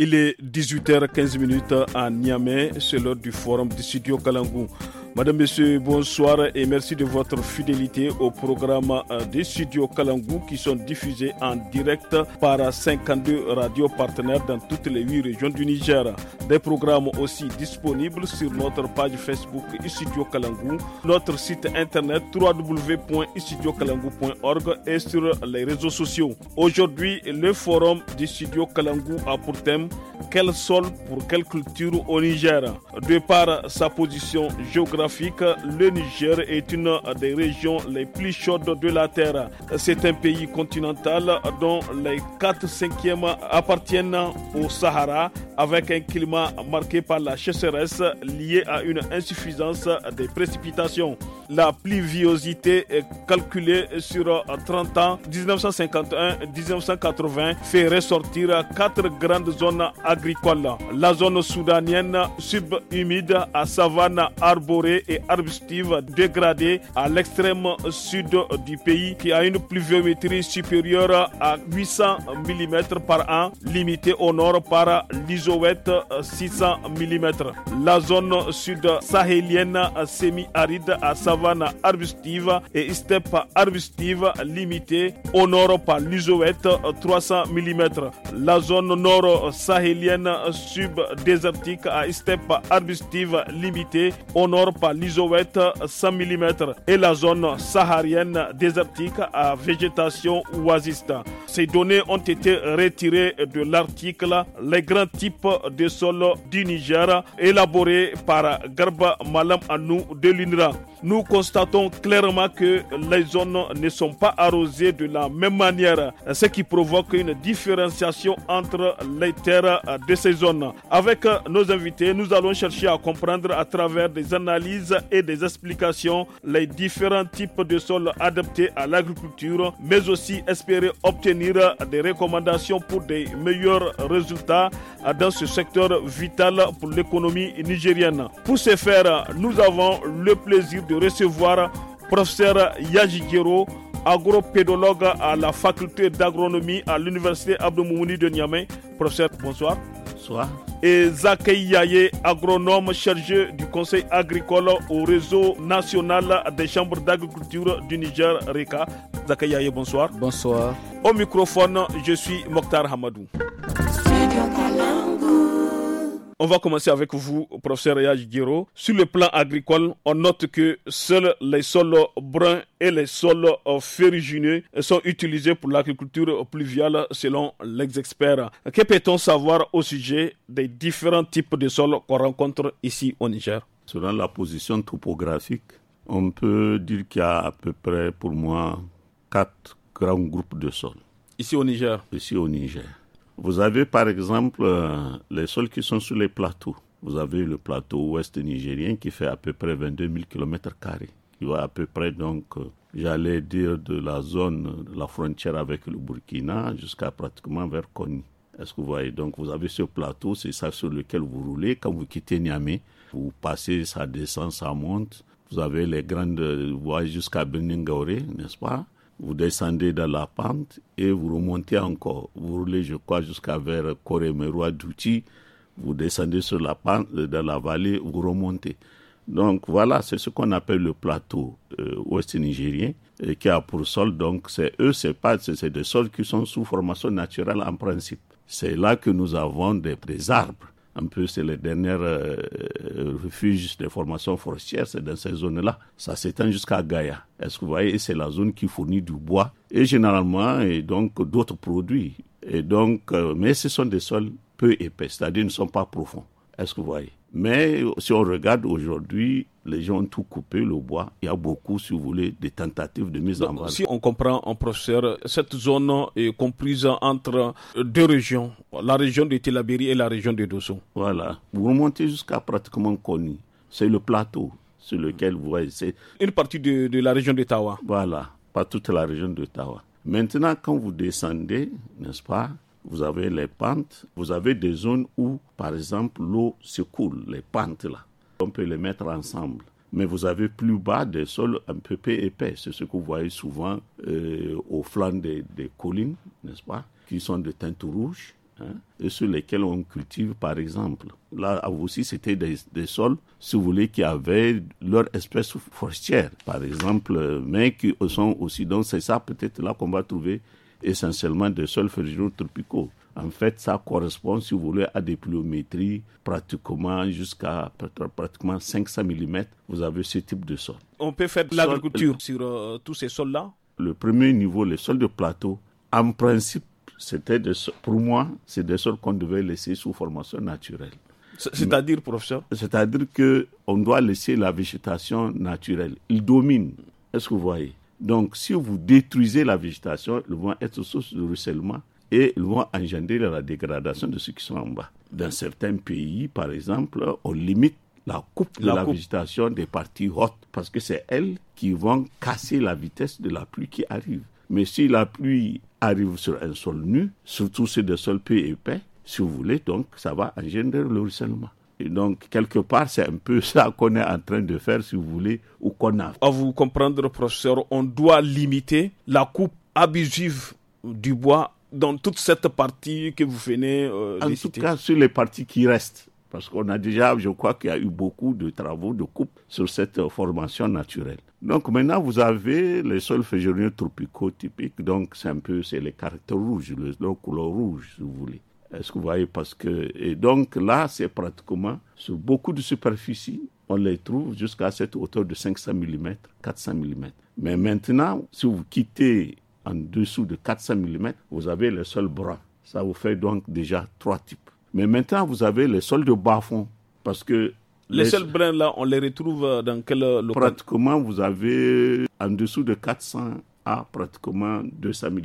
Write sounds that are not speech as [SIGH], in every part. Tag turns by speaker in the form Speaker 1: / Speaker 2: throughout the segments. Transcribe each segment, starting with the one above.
Speaker 1: Il est 18h15 à Niamey, c'est l'heure du forum du studio Kalangou. Madame, Monsieur, bonsoir et merci de votre fidélité au programme euh, des studios Kalangou qui sont diffusés en direct par 52 radios partenaires dans toutes les 8 régions du Niger. Des programmes aussi disponibles sur notre page Facebook Studio Kalangou, notre site internet www.istudiokalangou.org et sur les réseaux sociaux. Aujourd'hui, le forum des studio Kalangou a pour thème Quel sol pour quelle culture au Niger De par sa position géographique, le Niger est une des régions les plus chaudes de la Terre. C'est un pays continental dont les 4 cinquièmes appartiennent au Sahara avec un climat marqué par la chasseresse liée à une insuffisance des précipitations. La pluviosité est calculée sur 30 ans 1951-1980 fait ressortir quatre grandes zones agricoles. La zone soudanienne subhumide à savane arborée et arbustive dégradée à l'extrême sud du pays qui a une pluviométrie supérieure à 800 mm par an, limitée au nord par l'isouette 600 mm. La zone sud sahélienne semi-aride à savane arbustive et steppe arbustive limitée au nord par l'isouette 300 mm. La zone nord sahélienne sub-désertique à steppe arbustive limitée au nord par 100 mm et la zone saharienne désertique à végétation oasiste. Ces données ont été retirées de l'article Les grands types de sols du Niger élaboré par Garba Malam Anou de l'INRA. Nous constatons clairement que les zones ne sont pas arrosées de la même manière, ce qui provoque une différenciation entre les terres de ces zones. Avec nos invités, nous allons chercher à comprendre à travers des analyses et des explications, les différents types de sols adaptés à l'agriculture, mais aussi espérer obtenir des recommandations pour des meilleurs résultats dans ce secteur vital pour l'économie nigérienne. Pour ce faire, nous avons le plaisir de recevoir professeur Yajigero, agropédologue à la faculté d'agronomie à l'université Abdoumouni de Niamey. Professeur, bonsoir. Bonsoir. Et Zakei Yaye, agronome chargé du conseil agricole au réseau national des chambres d'agriculture du Niger, RECA. Zakei Yaye, bonsoir.
Speaker 2: Bonsoir.
Speaker 1: Au microphone, je suis Mokhtar Hamadou. On va commencer avec vous, professeur Yaj Giro. Sur le plan agricole, on note que seuls les sols bruns et les sols ferrugineux sont utilisés pour l'agriculture pluviale selon les experts. Que peut-on savoir au sujet des différents types de sols qu'on rencontre ici au Niger Selon la position topographique, on peut dire qu'il y a à peu près
Speaker 3: pour moi quatre grands groupes de sols.
Speaker 1: Ici au Niger
Speaker 3: Ici au Niger. Vous avez par exemple euh, les sols qui sont sur les plateaux. Vous avez le plateau ouest nigérien qui fait à peu près 22 000 km, Il va à peu près donc, euh, j'allais dire, de la zone, de la frontière avec le Burkina jusqu'à pratiquement vers Kony. Est-ce que vous voyez Donc vous avez ce plateau, c'est ça sur lequel vous roulez. Quand vous quittez Niamey, vous passez, ça descend, ça monte. Vous avez les grandes voies jusqu'à Beningauré, n'est-ce pas vous descendez dans la pente et vous remontez encore. Vous roulez, je crois, jusqu'à vers Corémerois d'Outi. Vous descendez sur la pente, euh, dans la vallée, vous remontez. Donc voilà, c'est ce qu'on appelle le plateau euh, ouest nigérien qui a pour sol. Donc c'est eux, c'est pas, c'est des sols qui sont sous formation naturelle en principe. C'est là que nous avons des, des arbres un peu, c'est le dernier euh, refuge refuges des formations forestières, c'est dans ces zones-là. Ça s'étend jusqu'à Gaïa. Est-ce que vous voyez, c'est la zone qui fournit du bois et généralement, et donc, d'autres produits. Et donc, euh, mais ce sont des sols peu épais, c'est-à-dire ne sont pas profonds. Est-ce que vous voyez mais si on regarde aujourd'hui, les gens ont tout coupé, le bois. Il y a beaucoup, si vous voulez, de tentatives de mise en valeur. Si
Speaker 1: on comprend, en professeur, cette zone est comprise entre deux régions, la région de Telabéry et la région de Dosso. Voilà.
Speaker 3: Vous remontez jusqu'à pratiquement Koni. C'est le plateau sur lequel vous voyez. Une partie de, de la région d'Ottawa. Voilà, pas toute la région d'Ottawa. Maintenant, quand vous descendez, n'est-ce pas, vous avez les pentes, vous avez des zones où, par exemple, l'eau se coule, les pentes là. On peut les mettre ensemble. Mais vous avez plus bas des sols un peu peu épais. C'est ce que vous voyez souvent euh, au flanc des, collines, n'est-ce pas, qui sont de teinte rouge. Hein, et sur lesquels on cultive par exemple. Là aussi, c'était des, des, sols, si vous voulez, qui avaient leur espèce forestière, par exemple, euh, mais qui sont aussi. Donc c'est ça peut-être là qu'on va trouver essentiellement des sols ferrugineux tropicaux. En fait, ça correspond, si vous voulez, à des pluométries pratiquement jusqu'à pratiquement 500 mm. Vous avez ce type de sol.
Speaker 1: On peut faire de l'agriculture sur euh, tous ces sols-là
Speaker 3: Le premier niveau, les sols de plateau, en principe, c'était pour moi, c'est des sols qu'on devait laisser sous formation naturelle. C'est-à-dire, professeur C'est-à-dire qu'on doit laisser la végétation naturelle. Il domine. Est-ce que vous voyez donc, si vous détruisez la végétation, ils vont être source de ruissellement et ils vont engendrer la dégradation de ceux qui sont en bas. Dans certains pays, par exemple, on limite la coupe de la, végétation des parties hautes parce que c'est elles qui vont casser la vitesse de la pluie qui arrive. Mais si la pluie arrive sur un sol nu, surtout sur des sols peu épais, si vous voulez, donc ça va engendrer le ruissellement donc, quelque part, c'est un peu [LAUGHS] ça qu'on est en train de faire, si vous voulez, ou
Speaker 1: qu'on a. À vous comprendre, professeur, on doit limiter la coupe abusive du bois dans toute cette partie que vous venez euh, En tout cas, sur les parties qui restent. Parce qu'on a déjà, je crois qu'il y a eu
Speaker 3: beaucoup de travaux de coupe sur cette euh, formation naturelle. Donc maintenant, vous avez les sols fégéniaux tropicaux typiques. Donc c'est un peu, c'est les caractères rouges, le, le couleur rouge, si vous voulez. Est-ce que vous voyez Parce que et donc là, c'est pratiquement sur beaucoup de superficies, on les trouve jusqu'à cette hauteur de 500 mm, 400 mm. Mais maintenant, si vous quittez en dessous de 400 mm, vous avez les sols bruns. Ça vous fait donc déjà trois types. Mais maintenant, vous avez les sols de bas fond parce que les, sols
Speaker 1: seuls brins là, on les retrouve dans quel local
Speaker 3: Pratiquement, vous avez en dessous de 400 à pratiquement 200 mm.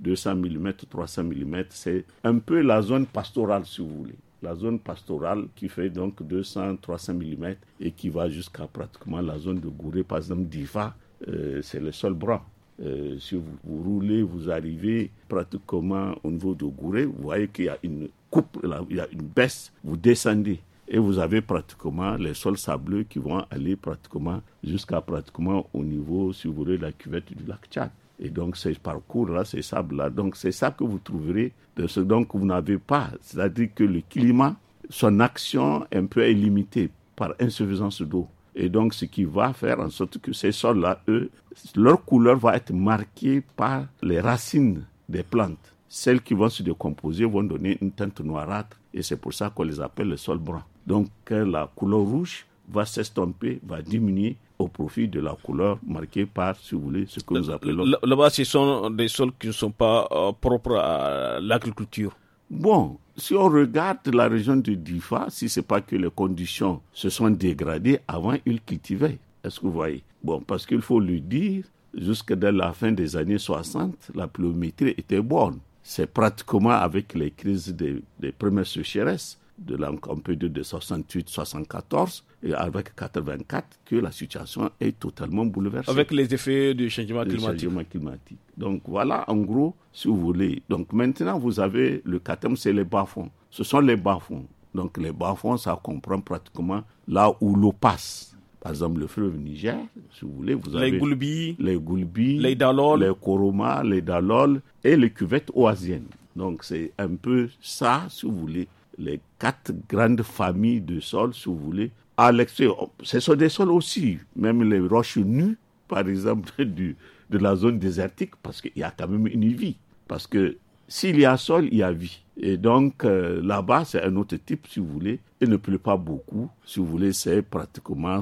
Speaker 3: 200 mm, 300 mm, c'est un peu la zone pastorale si vous voulez la zone pastorale qui fait donc 200-300 mm et qui va jusqu'à pratiquement la zone de Gouré, par exemple d'Iva, euh, c'est le sol brun. Euh, si vous, roulez, vous arrivez pratiquement au niveau de Gouré, vous voyez qu'il y a une coupe, il y a une baisse, vous descendez et vous avez pratiquement les sols sableux qui vont aller pratiquement jusqu'à pratiquement au niveau, si vous voulez, la cuvette du lac Tchad. Et donc, ces parcours-là, ces sables-là, donc c'est ça que vous trouverez de ce dont vous n'avez pas. C'est-à-dire que le climat, son action un peu est limitée par insuffisance d'eau. Et donc, ce qui va faire en sorte que ces sols-là, eux, leur couleur va être marquée par les racines des plantes. Celles qui vont se décomposer vont donner une teinte noirâtre et c'est pour ça qu'on les appelle les sols bruns. Donc, euh, la couleur rouge va s'estomper, va diminuer au profit de la couleur marquée par, si vous voulez, ce que nous appelons.
Speaker 1: Là-bas, ce sont des sols qui ne sont pas euh, propres à l'agriculture.
Speaker 3: Bon, si on regarde la région de Difa, si ce n'est pas que les conditions se sont dégradées, avant ils cultivaient. Est-ce que vous voyez Bon, parce qu'il faut le dire, jusque la fin des années 60, la pluviométrie était bonne. C'est pratiquement avec les crises des, des premières sécheresses de l'an on de 68-74 et avec 84 que la situation est totalement bouleversée. Avec
Speaker 1: les effets du changement
Speaker 3: climatique. Donc voilà, en gros, si vous voulez. Donc maintenant, vous avez le quatrième, c'est les bas-fonds. Ce sont les bas-fonds. Donc les bas-fonds, ça comprend pratiquement là où l'eau passe. Par exemple, le fleuve Niger, si vous voulez, vous avez... Les Goulbis. Les Goulbis. Les Dalol. Les Koroma, les Dalol et les cuvettes oasiennes. Donc c'est un peu ça, si vous voulez, les quatre grandes familles de sols, si vous voulez, à l'extérieur. Ce sont des sols aussi, même les roches nues, par exemple, [LAUGHS] du, de la zone désertique, parce qu'il y a quand même une vie. Parce que s'il y a sol, il y a vie. Et donc euh, là-bas, c'est un autre type, si vous voulez. Il ne pleut pas beaucoup, si vous voulez, c'est pratiquement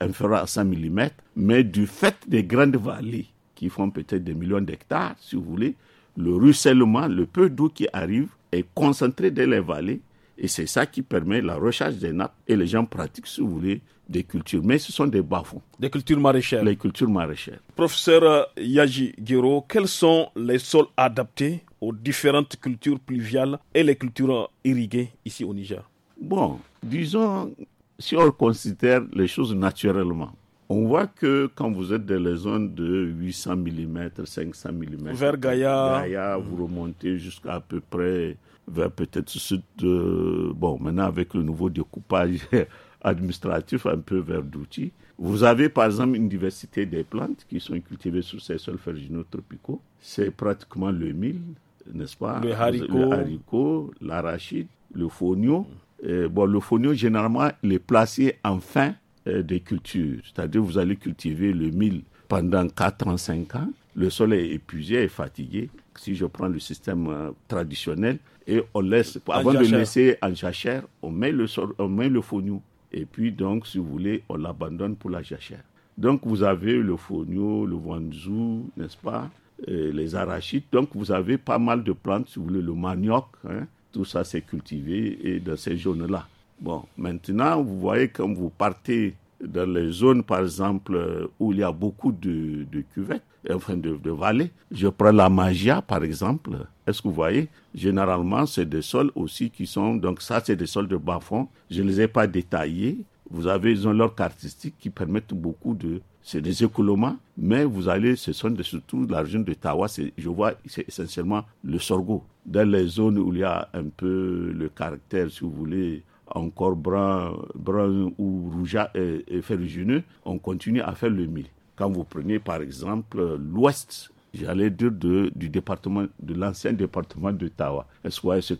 Speaker 3: inférieur à 100 mm. Mais du fait des grandes vallées, qui font peut-être des millions d'hectares, si vous voulez, le ruissellement, le peu d'eau qui arrive est concentré dans les vallées et c'est ça qui permet la recharge des nappes et les gens pratiquent, si vous voulez, des cultures. Mais ce sont des bas-fonds. Des cultures maraîchères. Les cultures maraîchères.
Speaker 1: Professeur Yaji Giro, quels sont les sols adaptés aux différentes cultures pluviales et les cultures irriguées ici au Niger Bon, disons,
Speaker 3: si on considère les choses naturellement, on voit que quand vous êtes dans les zones de 800 mm, 500 mm, vers Gaïa, vous remontez jusqu'à à peu près vers peut-être sud. De, bon, maintenant avec le nouveau découpage [LAUGHS] administratif, un peu vers Douti, vous avez par exemple une diversité des plantes qui sont cultivées sur ces sols ferginaux tropicaux. C'est pratiquement le mil, n'est-ce pas Le haricot, l'arachide, le, le fonio. bon, le fonio, généralement, il est placé en fin euh, des cultures. C'est-à-dire, vous allez cultiver le mil pendant 4 ans, 5 ans. Le sol est épuisé et fatigué. Si je prends le système euh, traditionnel, et on laisse, avant de le laisser en jachère, on met le, sol, on met le fonio. Et puis, donc, si vous voulez, on l'abandonne pour la jachère. Donc, vous avez le fonio, le wanzou, n'est-ce pas euh, Les arachides. Donc, vous avez pas mal de plantes, si vous voulez, le manioc. Hein. tout ça, c'est cultivé et dans ces zones-là. Bon, maintenant, vous voyez, quand vous partez dans les zones, par exemple, où il y a beaucoup de, cuvettes, enfin de, de, vallées, je prends la magia, par exemple. Est-ce que vous voyez Généralement, c'est des sols aussi qui sont. Donc, ça, c'est des sols de bas-fond. Je ne les ai pas détaillés. Vous avez, ils ont leur caractéristiques qui permettent beaucoup de. C'est des écoulements, mais vous allez, ce sont de surtout la région de Tawa, je vois, c'est essentiellement le sorgho. Dans les zones où il y a un peu le caractère, si vous voulez, encore brun, brun ou rouge euh, et, ferrugineux, on continue à faire le mil. Quand vous prenez par exemple l'ouest, j'allais dire de, du département, de l'ancien département de Tawa, soit ce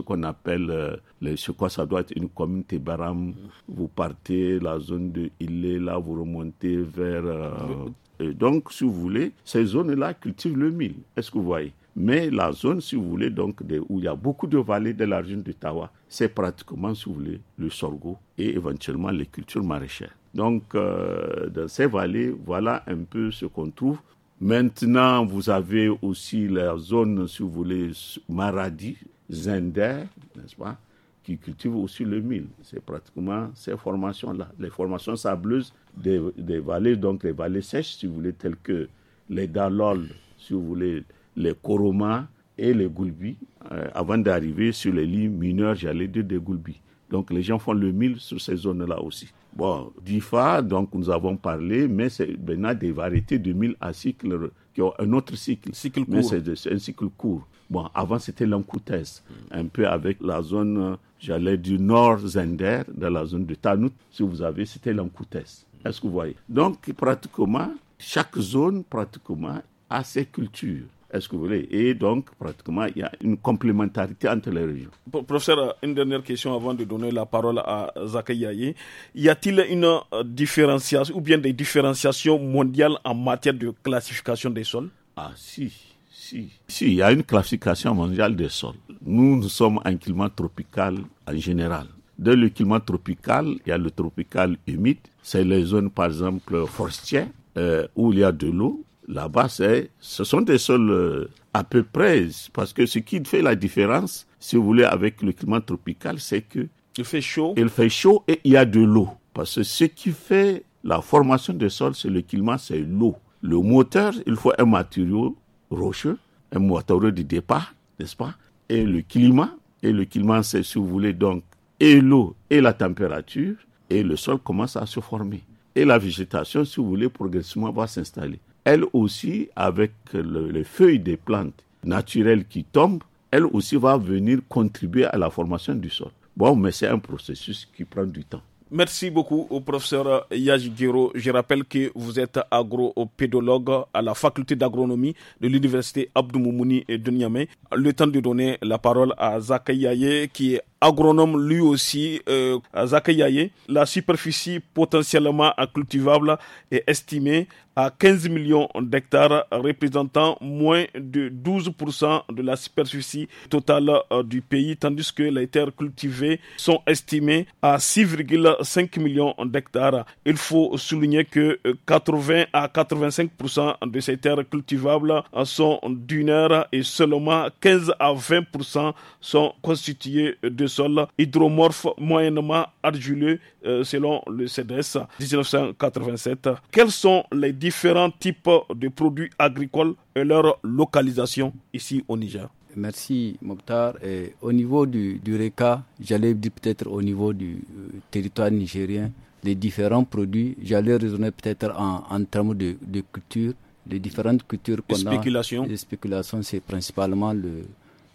Speaker 3: qu'on appelle, euh, ce quoi ça doit être une commune Baram, vous partez la zone de est là vous remontez vers... Euh, donc, si vous voulez, ces zones-là cultivent le mil. Est-ce que vous voyez mais la zone, si vous voulez, donc, où il y a beaucoup de vallées de l'argent du Tawa, c'est pratiquement, si vous voulez, le sorgho et éventuellement les cultures maraîchères. Donc, euh, dans ces vallées, voilà un peu ce qu'on trouve. Maintenant, vous avez aussi la zone, si vous voulez, Maradi, Zender, n'est-ce pas, qui cultive aussi le mil. C'est pratiquement ces formations-là, les formations sableuses des, des, vallées, donc les vallées sèches, si vous voulez, telles que les Dalol, si vous voulez, les Koroma et les Goulbi euh, avant d'arriver sur les lignes mineures, j'allais dire des Goulbi. Donc les gens font le mille sur ces zones-là aussi. Bon, d'IFA, donc nous avons parlé, mais c'est maintenant des variétés de mille à cycle, qui ont un autre cycle. cycle mais c'est un cycle court. Bon, avant c'était l'Ankoutès, un peu avec la zone, j'allais du nord Zender, dans la zone de Tanout, si vous avez, c'était l'encoutesse. Est-ce que vous voyez Donc pratiquement, chaque zone pratiquement a ses cultures. Est-ce que vous voulez Et donc, pratiquement, il y a une complémentarité
Speaker 1: entre les régions. Professeur, une dernière question avant de donner la parole à Zakayaye. Y a-t-il une euh, différenciation ou bien des différenciations mondiales en matière de classification des sols Ah, si. Si.
Speaker 3: si, il y a une classification mondiale des sols. Nous, nous sommes un climat tropical en général. Dans le climat tropical, il y a le tropical humide. C'est les zones, par exemple, forestières, euh, où il y a de l'eau là-bas, ce sont des sols euh, à peu près, parce que ce qui fait la différence, si vous voulez, avec le climat tropical, c'est que il fait chaud. Il fait chaud et il y a de l'eau, parce que ce qui fait la formation des sols, c'est le climat, c'est l'eau. Le moteur, il faut un matériau rocheux, un moteur de départ, n'est-ce pas Et le climat, et le climat, c'est si vous voulez donc et l'eau et la température, et le sol commence à se former. Et la végétation, si vous voulez, progressivement va s'installer elle aussi, avec les feuilles des plantes naturelles qui tombent, elle aussi va venir contribuer à la formation du sol. Bon, mais c'est un processus qui prend du temps.
Speaker 1: Merci beaucoup au professeur Yajigiro. Je rappelle que vous êtes agro-pédologue à la faculté d'agronomie de l'université Abdou Moumouni de Niamey. Le temps de donner la parole à Zakayaye qui est agronome lui aussi, euh, Zakayaye, la superficie potentiellement cultivable est estimée à 15 millions d'hectares, représentant moins de 12% de la superficie totale euh, du pays, tandis que les terres cultivées sont estimées à 6,5 millions d'hectares. Il faut souligner que 80 euh, à 85% de ces terres cultivables sont d'une heure et seulement 15 à 20% sont constituées de sol hydromorphe moyennement argileux euh, selon le CDS e 1987. Quels sont les différents types de produits agricoles et leur localisation ici au Niger
Speaker 2: Merci Mokhtar. Et au niveau du, du RECA, j'allais dire peut-être au niveau du euh, territoire nigérien, les différents produits, j'allais raisonner peut-être en, en, termes de, de, culture, les différentes cultures qu'on a. Les spéculations, c'est principalement le,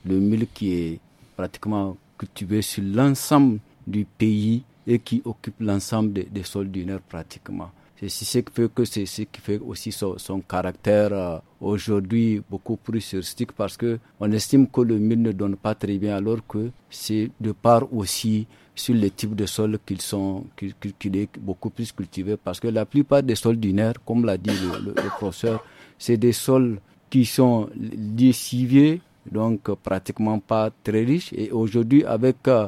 Speaker 2: le qui est pratiquement cultivés sur l'ensemble du pays et qui occupent l'ensemble des, sols du Nord pratiquement. C'est ce qui fait que c'est ce qui fait aussi son, caractère euh, aujourd'hui beaucoup plus surstique parce que on estime que le mil ne donne pas très bien alors que c'est de part aussi sur les types de sols qu'ils sont qu'il beaucoup plus cultivés parce que la plupart des sols du Nord, comme l'a dit le, professeur, c'est des sols qui sont décivés donc euh, pratiquement pas très riche. Et aujourd'hui, avec euh,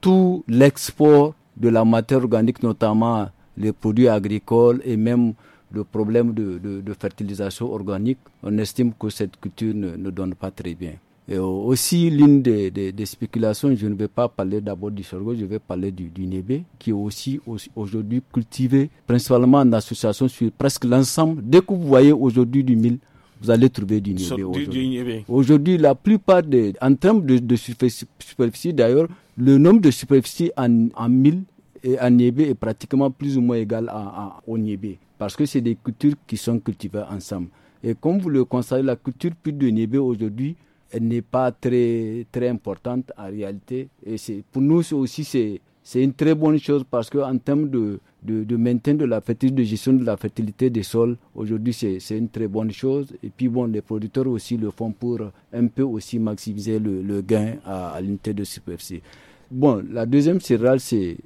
Speaker 2: tout l'export de la matière organique, notamment les produits agricoles et même le problème de, fertilisation organique, on estime que cette culture ne, donne pas très bien. Et aussi, l'une des, spéculations, je ne vais pas parler d'abord du sorgho, je vais parler du, du nébé, qui est aussi, aujourd'hui cultivé principalement en association sur presque l'ensemble. Dès que vous voyez aujourd'hui du mille, vous allez trouver du niébé aujourd'hui. Aujourd'hui, la plupart des, en termes de, superficie, d'ailleurs, le nombre de superficies en, en mille et en niébé est pratiquement plus ou moins égal à, à au niébé, parce que c'est des cultures qui sont cultivées ensemble. Et comme vous le constatez, la culture plus de niébé aujourd'hui, elle n'est pas très, très importante en réalité. Et c'est, pour nous aussi, c'est, c'est une très bonne chose parce qu'en termes de, de, de, maintien de la fertilité, de gestion de la fertilité des sols, aujourd'hui c'est une très bonne chose. Et puis bon, les producteurs aussi le font pour un peu aussi maximiser le, le gain à, l'unité de superficie. Bon, la deuxième céréale, c'est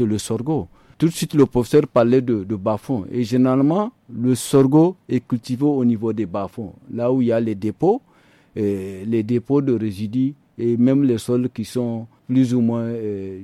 Speaker 2: le sorgho. Tout de suite, le professeur parlait de, de bas-fonds. Et généralement, le sorgho est cultivé au niveau des bas-fonds, là où il y a les dépôts, et les dépôts de résidus et même les sols qui sont plus ou moins, euh,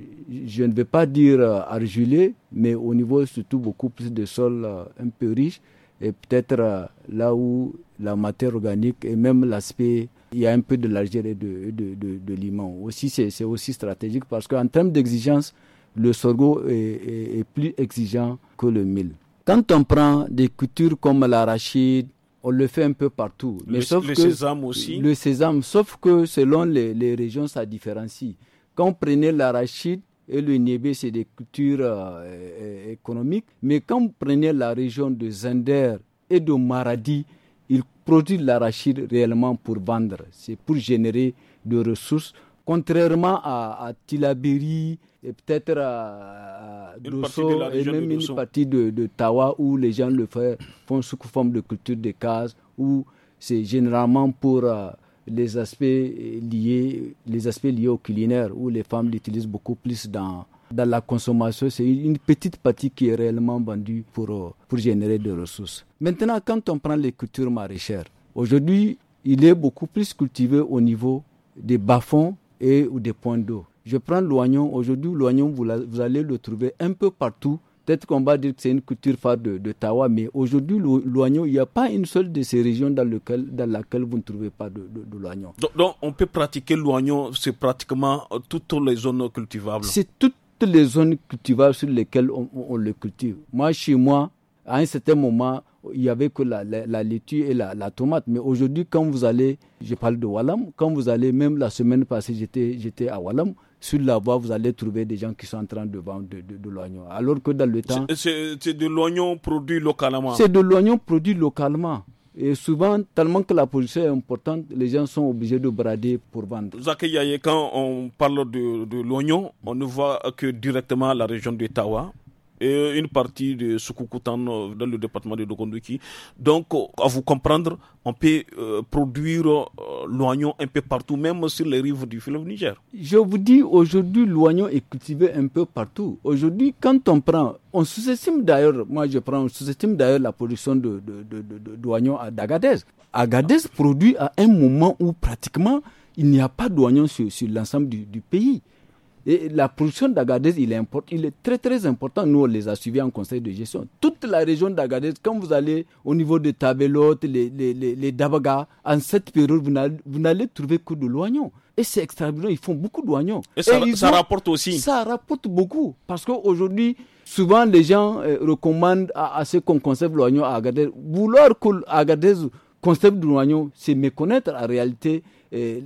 Speaker 2: je ne vais pas dire euh, argilé, mais au niveau surtout beaucoup plus de sols euh, un peu riches et peut-être là où la matière organique et même l'aspect, il y a un peu de l'argile et de, de, de, limon. Aussi, c'est aussi stratégique parce qu'en termes d'exigence, le sorgho est, plus exigeant que le mil. Quand on prend des cultures comme l'arachide, on le fait un peu partout. Mais le, sauf le sésame aussi. Le sésame, sauf que selon les régions, ça différencie. Quand on prenait l'arachide et le niébé, c'est des cultures euh, économiques, mais quand on prenait la région de Zender et de Maradi, ils produisent l'arachide réellement pour vendre, c'est pour générer de ressources, contrairement à, à Tilabiri et peut-être à, à et même une partie de, Tawa où les gens le font, sous forme de culture de cases, où c'est généralement pour... Euh, les aspects liés, les aspects liés au culinaire où les femmes l'utilisent beaucoup plus dans, dans la consommation. C'est une petite partie qui est réellement vendue pour, euh, pour générer des ressources. Maintenant, quand on prend les cultures maraîchères, aujourd'hui, il est beaucoup plus cultivé au niveau des bas-fonds et des points d'eau. Je prends l'oignon. Aujourd'hui, l'oignon, vous allez le trouver un peu partout Peut-être qu'on va dire que c'est une culture phare de, Tawa, mais aujourd'hui, l'oignon, il n'y a pas une seule de ces régions dans, lequel, dans laquelle vous ne trouvez pas de, l'oignon.
Speaker 1: Donc, on peut pratiquer l'oignon, c'est
Speaker 2: pratiquement toutes les zones cultivables. C'est toutes les zones cultivables sur lesquelles on, le cultive. Moi, chez moi, à un certain moment, il n'y avait que la, laitue et la, la tomate. Mais aujourd'hui, quand vous allez, je parle de Walam, quand vous allez, même la semaine passée, j'étais à Walam, sur la voie, vous allez trouver des gens qui sont en train de vendre de, l'oignon. Alors que dans le temps.
Speaker 1: C'est de l'oignon produit localement. C'est de
Speaker 2: l'oignon produit localement. Et souvent, tellement que la production est importante, les gens sont obligés de brader pour vendre.
Speaker 1: Yaye, quand on parle de, de l'oignon, on ne voit que directement la région de Tawa et euh, une partie de Sukukutan euh, dans le département de Dokonduki. Donc, euh, à vous comprendre, on peut produire l'oignon un peu partout, même sur les rives du fleuve Niger.
Speaker 2: Je vous dis, aujourd'hui, l'oignon est cultivé un peu partout. Aujourd'hui, quand on prend, on sous-estime d'ailleurs, moi je prends, on sous-estime d'ailleurs la production de, d'Agadez. Agadez produit à un moment où pratiquement il n'y a pas d'oignon sur, sur l'ensemble du pays. Et la production d'Agadez, il, il est, très très important. Nous, on les a suivis en conseil de gestion. Toute la région d'Agadez, quand vous allez au niveau de Tabelote, les, les, les, en cette période, vous n'allez trouver que de l'oignon. Et c'est extraordinaire, ils font beaucoup d'oignons. Et ça, ça rapporte aussi. Ça rapporte beaucoup. Parce qu'aujourd'hui, souvent les gens euh, recommandent à, à ce qu'on conserve l'oignon à Agadez. Vouloir qu'Agadez conserve de l'oignon, c'est méconnaître la réalité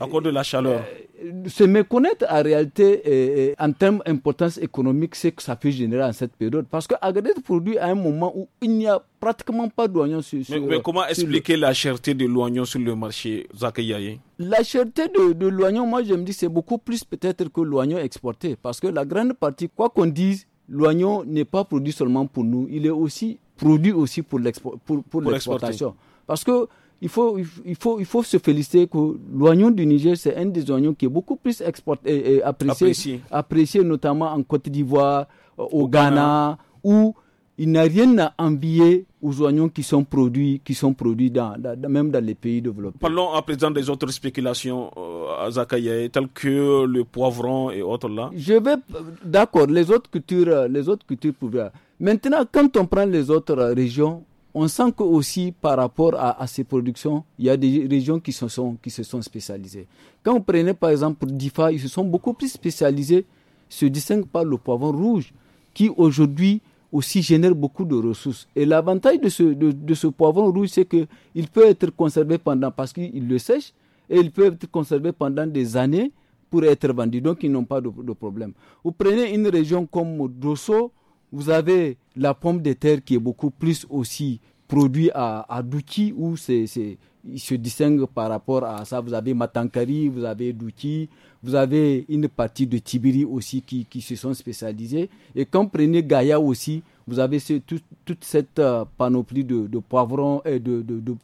Speaker 2: encore de la chaleur. Euh, se méconnaître en réalité euh, euh, en termes d'importance économique, c'est que ça fait générer en cette période. Parce que Agadez produit à un moment où il n'y a pratiquement pas d'oignons sur, sur, mais, mais comment expliquer
Speaker 1: la cherté de l'oignon sur le marché, Zakayaye
Speaker 2: La cherté de, l'oignon, moi je me dis, c'est beaucoup plus peut-être que l'oignon exporté. Parce que la grande partie, quoi qu'on dise, l'oignon n'est pas produit seulement pour nous, il est aussi produit aussi pour l'exportation. Pour, pour, Parce que il faut, il faut, il faut se féliciter que l'oignon du Niger, c'est un des oignons qui est beaucoup plus exporté, et apprécié, apprécié, notamment en Côte d'Ivoire, euh, au, Ghana, où il a rien à envier aux oignons qui sont produits, qui sont produits dans, même dans les pays développés.
Speaker 1: Parlons à présent des autres spéculations euh, à telles que
Speaker 2: le poivron et autres là. Je vais, euh, d'accord, les autres cultures, les autres cultures pouvaient. Maintenant, quand on prend les autres régions, on sent que aussi par rapport à, ces productions, il y a des régions qui se sont, spécialisées. Quand on prenez par exemple DIFA, ils se sont beaucoup plus spécialisés, se distinguent par le poivron rouge, qui aujourd'hui aussi génère beaucoup de ressources. Et l'avantage de ce, de, poivron rouge, c'est qu'il peut être conservé pendant, parce qu'il le sèche, et il peut être conservé pendant des années pour être vendu. Donc ils n'ont pas de, de, problème. Vous prenez une région comme Dosso, vous avez la pomme de terre qui est beaucoup plus aussi produite à, à Douki où il se distingue par rapport à ça. Vous avez Matankari, vous avez Douki, vous avez une partie de Tibiri aussi qui, qui se sont spécialisées. Et quand vous prenez Gaïa aussi, vous avez toute cette euh, panoplie de, poivrons et de, de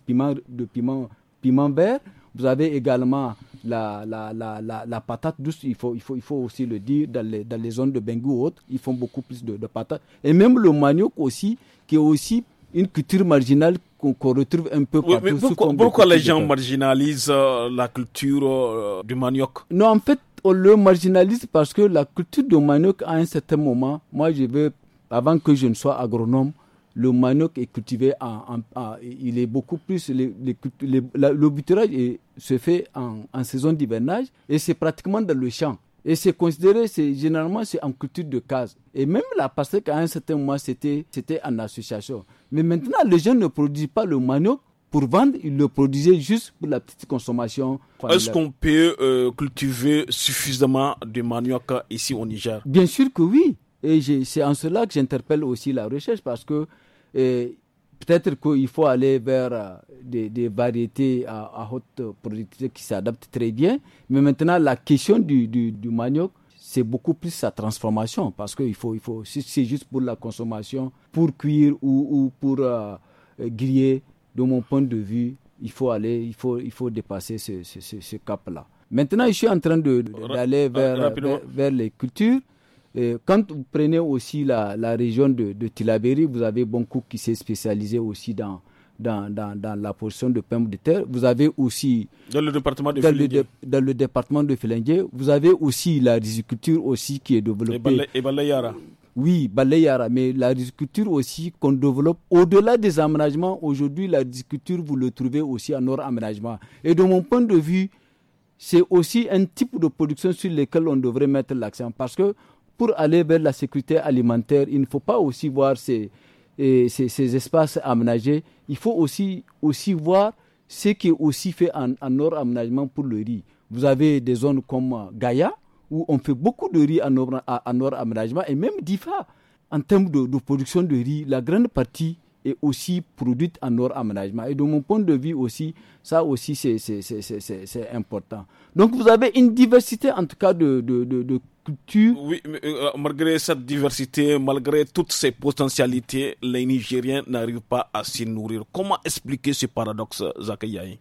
Speaker 2: piments verts. Vous avez également la, la, la, la, patate douce, il faut, il, faut, il faut aussi le dire, dans les, dans les zones de Bengu ou autres, ils font beaucoup plus de, patates. Et même le manioc aussi, qui est aussi une culture marginale qu'on retrouve un peu partout. pourquoi, les gens
Speaker 1: marginalisent euh, la culture euh, du manioc
Speaker 2: Non, en fait, on le marginalise parce que la culture du manioc, à un certain moment, moi, je veux, avant que je ne sois agronome, le manioc est cultivé en, il est beaucoup plus le se fait en, saison d'hivernage et c'est pratiquement dans le champ et c'est considéré c'est généralement c'est en culture de case et même la parce qu'à un certain moment c'était c'était en association mais maintenant les gens ne produisent pas le manioc pour vendre, ils le produisaient juste pour la petite consommation. Est-ce qu'on
Speaker 1: peut euh, cultiver suffisamment de manioc ici au Niger
Speaker 2: Bien sûr que oui. Et c'est en cela que j'interpelle aussi la recherche parce que et peut-être qu'il faut aller vers euh, des, variétés à, haute productivité qui s'adaptent très bien. Mais maintenant, la question du, manioc, c'est beaucoup plus sa transformation parce que faut, il faut, c'est juste pour la consommation, pour cuire ou, pour euh, griller, de mon point de vue, il faut aller, il faut, il faut dépasser ce, cap-là. Maintenant, je suis en train d'aller ah, de, vers, vers les cultures. Euh, quand vous prenez aussi la, la région de, de Tilaberi, vous avez beaucoup qui s'est spécialisé aussi dans, dans, dans, dans, la portion de pommes de terre. Vous avez aussi. Dans le département de dans dans le département de Filingué, vous avez aussi la riziculture aussi qui est développée. et balayara. Oui, balayara. Mais la riziculture aussi qu'on développe au-delà des aménagements. Aujourd'hui, la riziculture, vous le trouvez aussi en hors aménagement. Et de mon point de vue, c'est aussi un type de production sur lequel on devrait mettre l'accent. Parce que pour aller vers la sécurité alimentaire, il ne faut pas aussi voir ces, ces, espaces aménagés. Il faut aussi, aussi voir ce qui est aussi fait en, en or aménagement pour le riz. Vous avez des zones comme Gaïa, où on fait beaucoup de riz en or, aménagement, et même DIFA, en termes de, production de riz, la grande partie est aussi produite en or aménagement. Et de mon point de vue aussi, ça aussi c'est important. Donc vous avez une diversité en tout cas de, de
Speaker 1: oui, euh, euh, malgré cette diversité, malgré toutes ces potentialités, les Nigériens n'arrivent pas à s'y nourrir. Comment expliquer ce paradoxe,
Speaker 2: Zakayaï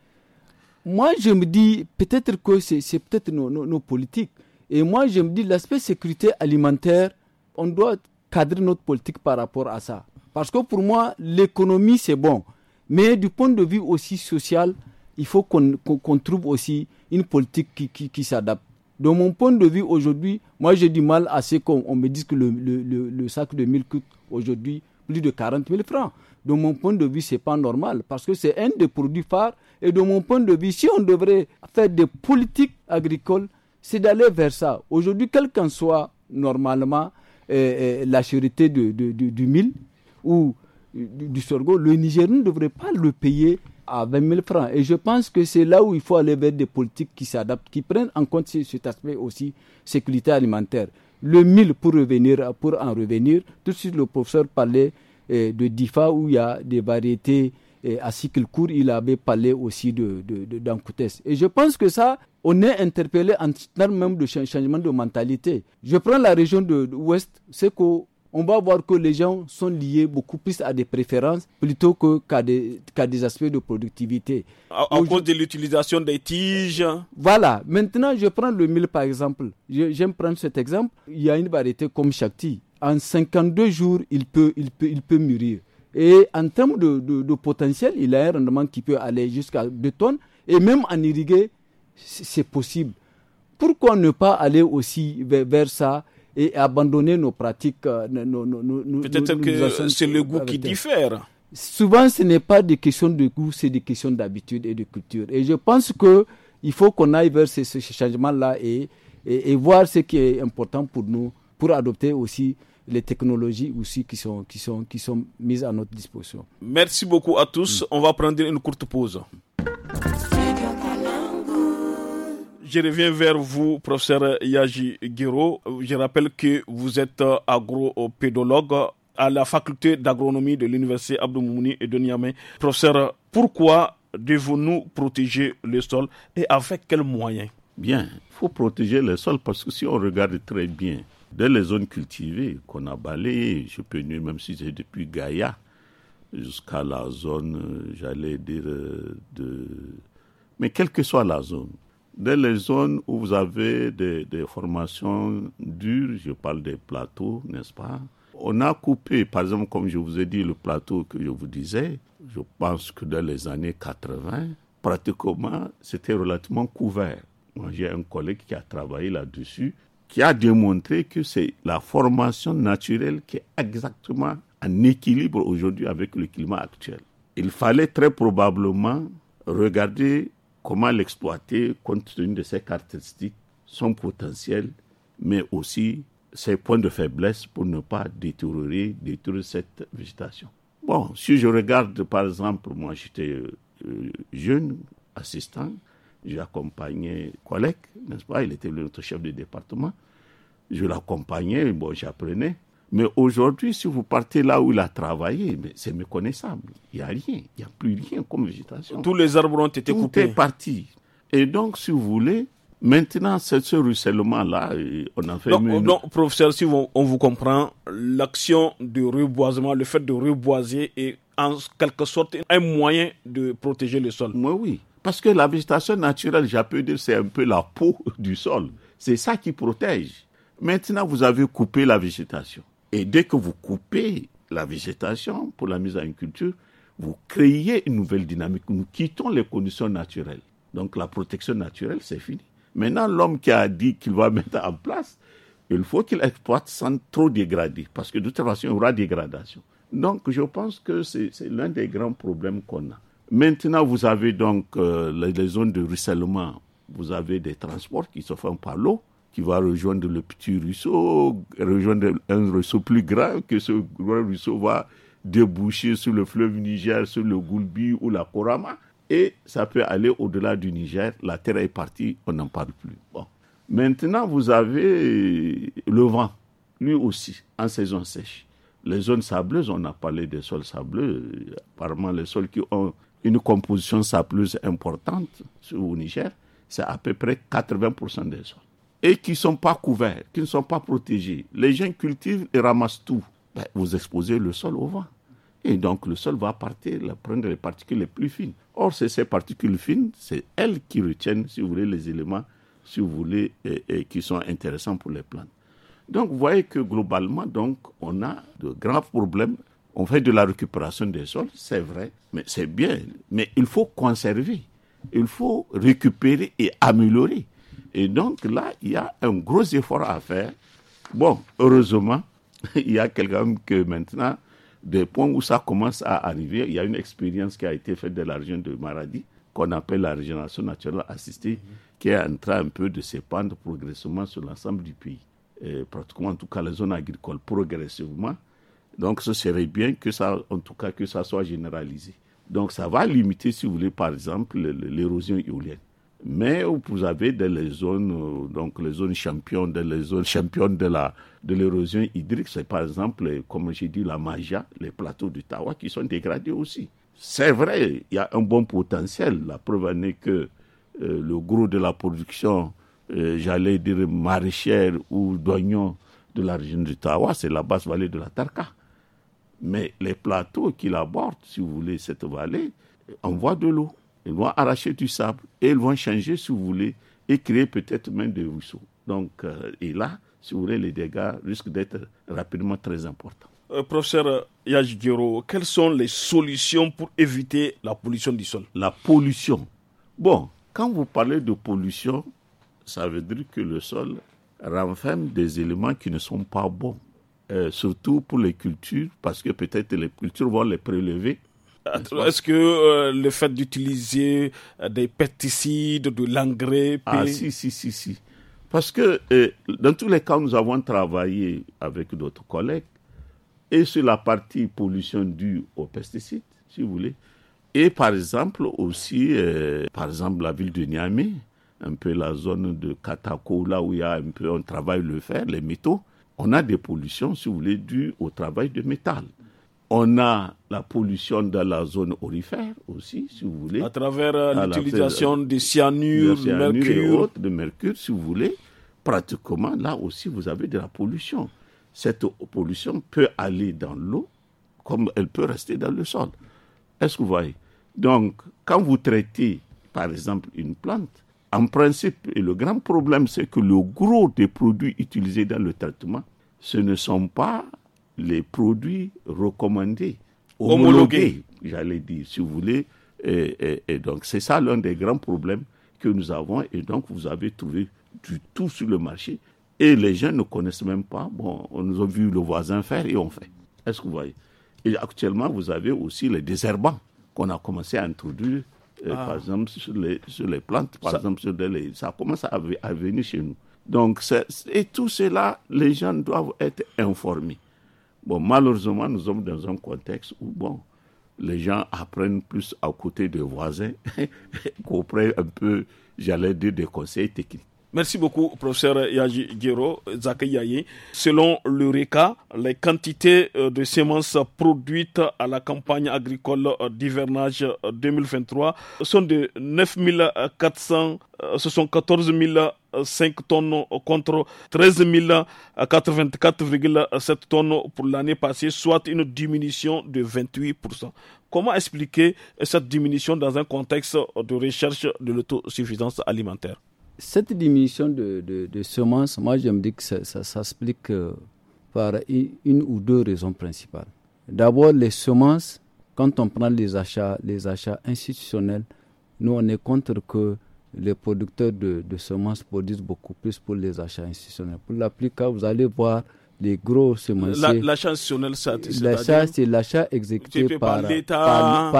Speaker 2: Moi, je me dis peut-être que c'est peut-être nos, politiques. Et moi, je me dis l'aspect sécurité alimentaire, on doit cadrer notre politique par rapport à ça. Parce que pour moi, l'économie, c'est bon. Mais du point de vue aussi social, il faut qu'on trouve aussi une politique qui s'adapte. De mon point de vue aujourd'hui, moi j'ai du mal à ce qu'on me dise que le, le, le, sac de mille coûte aujourd'hui plus de 40 000 francs. De mon point de vue, ce n'est pas normal parce que c'est un des produits phares. Et de mon point de vue, si on devrait faire des politiques agricoles, c'est d'aller vers ça. Aujourd'hui, quel qu'en soit normalement euh, euh, la charité de, du mil ou du, du sorgho, le Niger ne devrait pas le payer à 20 000 francs. Et je pense que c'est là où il faut aller vers des politiques qui s'adaptent, qui prennent en compte cet aspect aussi sécurité alimentaire. Le 1000 pour revenir, pour en revenir, tout de suite le professeur parlait eh, de DIFA où il y a des variétés eh, à cycle court. Il avait parlé aussi de, de, Et je pense que ça, on est interpellé en termes même de changement de mentalité. Je prends la région de, de l'Ouest, c'est qu'au on va voir que les gens sont liés beaucoup plus à des préférences plutôt qu'à des, aspects de productivité. En cause
Speaker 1: de l'utilisation des tiges
Speaker 2: Voilà. Maintenant, je prends le mil par exemple. J'aime prendre cet exemple. Il y a une variété comme Shakti. En 52 jours, il peut, il peut, il peut mûrir. Et en termes de, potentiel, il a un rendement qui peut aller jusqu'à 2 tonnes. Et même en irrigué, c'est possible. Pourquoi ne pas aller aussi vers ça et abandonner nos pratiques. Euh, Peut-être que c'est le goût qui euh, diffère. Souvent, ce n'est pas des questions de goût, c'est des questions d'habitude et de culture. Et je pense que il faut qu'on aille vers ce, changement-là et, et, voir ce qui est important pour nous, pour adopter aussi les technologies aussi qui sont, qui sont, qui sont mises à notre disposition.
Speaker 1: Merci beaucoup à tous. Mm. On va prendre une courte pause. Je reviens vers vous, professeur Yaji Giro. Je rappelle que vous êtes euh, agro-pédologue à la faculté d'agronomie de l'université Abdou Moumouni et de Niamey. Professeur, pourquoi devons-nous protéger le sol et avec quels moyens
Speaker 3: Bien, il faut protéger le sol parce que si on regarde très bien, dans les zones cultivées qu'on a balayées, je peux dire même si c'est depuis Gaïa jusqu'à la zone, euh, j'allais dire, euh, de... Mais quelle que soit la zone, dans les zones où vous avez des, formations dures, je parle des plateaux, n'est-ce pas On a coupé, par exemple, comme je vous ai dit, le plateau que je vous disais, je pense que dans les années 80, pratiquement, c'était relativement couvert. Moi, j'ai un collègue qui a travaillé là-dessus, qui a démontré que c'est la formation naturelle qui est exactement en équilibre aujourd'hui avec le climat actuel. Il fallait très probablement regarder comment l'exploiter compte tenu de ses caractéristiques, son potentiel, mais aussi ses points de faiblesse pour ne pas détériorer, détruire cette végétation. Bon, si je regarde par exemple, moi j'étais euh, jeune assistant, j'accompagnais accompagné collègue, n'est-ce pas, il était notre chef de département, je l'accompagnais, bon j'apprenais, mais aujourd'hui, si vous partez là où il a travaillé, c'est méconnaissable. Il n'y a rien. Il n'y a plus rien comme végétation. Tous les arbres ont été coupés. Tout parti. Et donc, si vous voulez, Maintenant, ce ruissellement-là, on a fait donc, donc,
Speaker 1: professeur, si on, vous comprend, l'action du reboisement, le fait de reboiser est en quelque sorte un moyen de protéger le sol.
Speaker 3: Moi, oui. Parce que la végétation naturelle, j'appelle dire, c'est un peu la peau [LAUGHS] du sol. C'est ça qui protège. Maintenant, vous avez coupé la végétation. Et dès que vous coupez la végétation pour la mise en culture, vous créez une nouvelle dynamique. Nous quittons les conditions naturelles. Donc la protection naturelle, c'est fini. Maintenant, l'homme qui a dit qu'il va [LAUGHS] mettre en place, il faut qu'il exploite sans trop dégrader, parce que de toute façon, il y aura dégradation. Donc, je pense que c'est l'un des grands problèmes qu'on a. Maintenant, vous avez donc euh, les, zones de ruissellement, vous avez des transports qui se font par l'eau, qui va rejoindre le petit ruisseau, rejoindre un ruisseau plus grand que ce grand ruisseau va déboucher sur le fleuve Niger, sur le Goulbi ou la Korama. Et ça peut aller au-delà du Niger. La terre est partie, on n'en parle plus. Bon. Maintenant, vous avez le vent, lui aussi, en saison sèche. Les zones sableuses, on a parlé des sols sableux, apparemment les sols qui ont une composition sableuse importante au Niger, c'est à peu près 80% des sols et qui ne sont pas couverts, qui ne sont pas protégés. Les gens cultivent et ramassent tout. Ben, vous exposez le sol au vent. Et donc le sol va partir, prendre les particules les plus fines. Or, c'est ces particules fines, c'est elles qui retiennent, si vous voulez, les éléments, si vous voulez, qui sont intéressants pour les plantes. Donc, vous voyez que globalement, donc, on a de grands problèmes. On fait de la récupération des sols, c'est vrai, mais c'est bien. Mais il faut conserver, il faut récupérer et améliorer. Et donc là, il y a un gros effort à faire. Bon, heureusement, [LAUGHS] il y a quelqu'un que maintenant, des points où ça commence à arriver, il y a une expérience qui a été faite de la région de Maradi, qu'on appelle la régénération naturelle assistée, qui est en train un peu de s'épandre progressivement sur l'ensemble du pays. pratiquement en tout cas la zone agricole, progressivement. Donc ce serait bien que ça, en tout cas, que ça soit généralisé. Donc ça va limiter, si vous voulez, par exemple, l'érosion éolienne. Mais vous avez des les zones, euh, donc les zones championnes, zones championnes de la de l'érosion hydrique, c'est par exemple, comme j'ai dit, la Maja, les plateaux du Tawa qui sont dégradés aussi. C'est vrai, il y a un bon potentiel. La preuve en est que euh, le gros de la production, euh, j'allais dire maraîchère ou d'oignons de la région du Tawa, c'est la basse vallée de la Tarka. Mais les plateaux qui l'abordent, si vous voulez, cette vallée, envoient de l'eau. Ils vont arracher du sable et ils vont changer, si vous voulez, et créer peut-être même des ruisseaux. Donc, euh, et là, si vous voulez, les dégâts risquent d'être rapidement très importants.
Speaker 1: Euh, professeur quelles sont les solutions pour éviter la pollution du sol La pollution.
Speaker 3: Bon, quand vous parlez de pollution, ça veut dire que le sol renferme des éléments qui ne sont pas bons. Euh, surtout pour les cultures, parce
Speaker 1: que peut-être les cultures vont les prélever est-ce que euh, le fait d'utiliser euh, des pesticides, de l'engrais... Ah si, si, si, si.
Speaker 3: Parce que euh, dans tous les cas, nous avons travaillé avec d'autres collègues et sur la partie pollution due aux pesticides, si vous voulez. Et par exemple aussi, par exemple la ville de Niamey, un peu la zone de Katako, là où il y a un peu, on travaille le fer, les métaux. On a des pollutions, si vous voulez, dues au travail de métal. On a la pollution dans la zone orifère aussi, si vous voulez. À travers
Speaker 1: euh, l'utilisation
Speaker 3: des cyanure, du mercure. de mercure, si vous voulez. Pratiquement, là aussi, vous avez de la pollution. Cette pollution peut aller dans l'eau comme elle peut rester dans le sol. Est-ce que vous voyez Donc, quand vous traitez, par exemple, une plante, en principe, et le grand problème, c'est que le gros des produits utilisés dans le traitement, ce ne sont pas les produits recommandés, homologués, j'allais dire, si vous voulez. Et, donc, c'est ça l'un des grands problèmes que nous avons. Et donc, vous avez trouvé du tout sur le marché. Et les gens ne connaissent même pas. Bon, on nous a vu le voisin faire et on fait. Est-ce que vous voyez Et actuellement, vous avez aussi les désherbants qu'on a commencé à introduire, euh, ah. par exemple, sur les, sur les plantes, par exemple, sur les, ça commence à, à venir chez nous. Donc, et tout cela, les gens doivent être informés. Bon, malheureusement, nous sommes dans un contexte où, bon, les gens apprennent plus à côté des voisins qu'auprès [LAUGHS] un peu, j'allais dire, des conseils techniques.
Speaker 1: Merci beaucoup, professeur Yaji Giro, Zakayaye. Selon l'URECA, les quantités euh, de semences produites à la campagne agricole euh, d'hivernage 2023 euh, sont de quatorze 5 tonnes contre 13 084,7 tonnes pour l'année passée, soit une diminution de 28%. Comment expliquer cette diminution dans un contexte de recherche de l'autosuffisance alimentaire
Speaker 2: cette diminution de, de, semences, moi je me dis que ça, s'explique euh, par une, ou deux raisons principales. D'abord, les semences, quand on prend les achats, les achats institutionnels, nous on est contre que les producteurs de, semences produisent beaucoup plus pour les achats institutionnels. Pour l'appliquer, vous allez voir les gros semenciers. L'achat institutionnel, c'est l'achat exécuté par,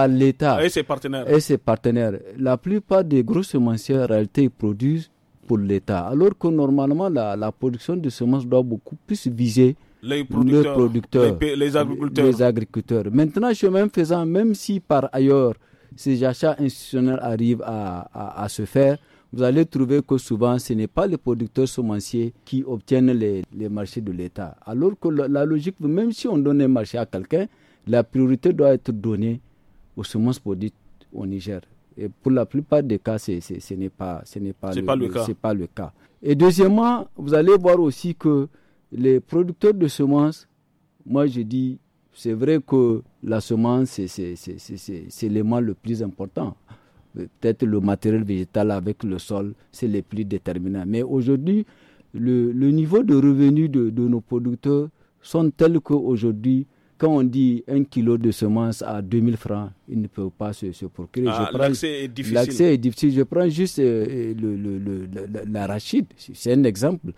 Speaker 2: l'État et ses partenaires. Et ses partenaires. La plupart des gros semenciers, en réalité, ils produisent pour l'État. Alors que normalement, la, production de semences doit beaucoup plus viser les producteurs, les, les, agriculteurs. les agriculteurs. Maintenant, même faisant, même si par ailleurs ces achats institutionnels arrivent à, à se faire, vous allez trouver que souvent ce n'est pas les producteurs semenciers qui obtiennent les, les marchés de l'État. Alors que la, logique, même si on donne un marché à quelqu'un, la priorité doit être donnée aux semences produites au Niger. Et pour la plupart des cas, ce n'est pas, ce n'est pas, le, pas le cas. Et deuxièmement, vous allez voir aussi que les producteurs de semences, moi je dis, c'est vrai que la semence, c'est l'élément le plus important peut-être le matériel végétal avec le sol, c'est le plus déterminant. Mais aujourd'hui, le, le, niveau de revenus de, de nos producteurs sont tels qu'aujourd'hui, quand on dit un kilo de semences à 2000 francs, il ne peut pas se, se procurer. Ah, l'accès est difficile. L'accès est difficile. Je prends juste euh, euh, l'arachide. Le, C'est un exemple.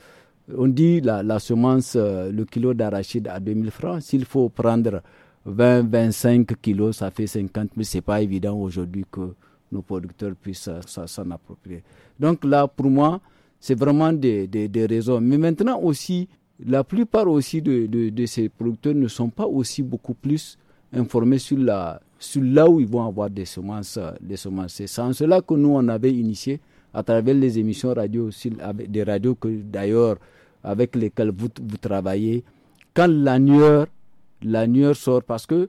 Speaker 2: On dit la, la semence, euh, le kilo d'arachide à 2000 francs. S'il faut prendre 20, 25 kilos, ça fait 50 mais Ce n'est pas évident aujourd'hui que nos producteurs puissent s'en approprier. Donc là, pour moi, c'est vraiment des, des, raisons. Mais maintenant aussi, la plupart aussi de, de, ces producteurs ne sont pas aussi beaucoup plus informés sur, la, sur là où ils vont avoir des semences. Des semences. C'est en cela que nous, on avait initié à travers les émissions radio, des radios que d'ailleurs avec lesquelles vous, vous travaillez, quand l'annueur l'annuaire sort, parce que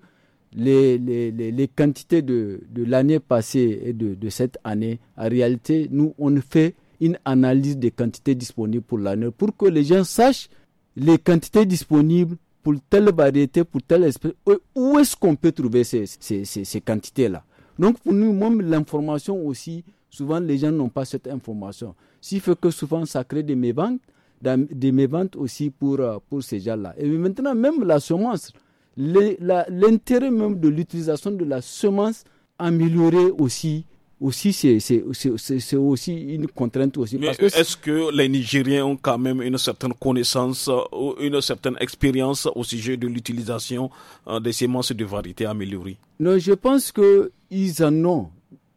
Speaker 2: les, les, les, quantités de, de l'année passée et de, de, cette année, en réalité, nous, on fait une analyse des quantités disponibles pour l'année pour que les gens sachent les quantités disponibles pour telle variété, pour telle espèce. Où est-ce qu'on peut trouver ces, ces, ces, quantités-là Donc, pour nous, même l'information aussi, souvent, les gens n'ont pas cette information. Ce qui fait que souvent, ça crée des méventes, des aussi pour, euh, pour ces gens-là. Et maintenant, même la semence l'intérêt même de l'utilisation de la semence améliorée aussi aussi c'est aussi une contrainte aussi. est-ce
Speaker 1: que les Nigériens ont quand même une certaine connaissance euh, ou une certaine expérience au sujet de l'utilisation euh, des semences de variété améliorée
Speaker 2: Non, je pense que ils en ont,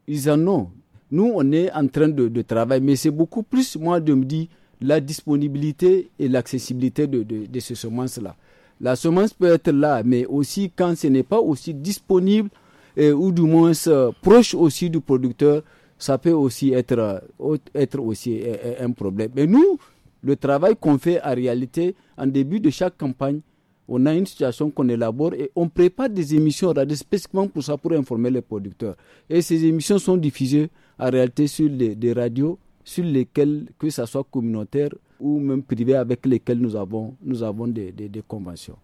Speaker 2: ils en ont. Nous, on est en train de, travailler, mais c'est beaucoup plus moi de me dire la disponibilité et l'accessibilité de ces semences là. La semence peut être là, mais aussi quand ce n'est pas aussi disponible ou du moins euh, proche aussi du producteur, ça peut aussi être, euh, être aussi euh, un, problème. Mais nous, le travail qu'on fait en réalité, en début de chaque campagne, on a une situation qu'on élabore et on prépare des émissions radio spécifiquement pour ça, pour informer les producteurs. Et ces émissions sont diffusées en réalité sur des radios sur lesquelles, que ce soit communautaire ou même privés avec lesquels nous avons, nous avons des, des, conventions.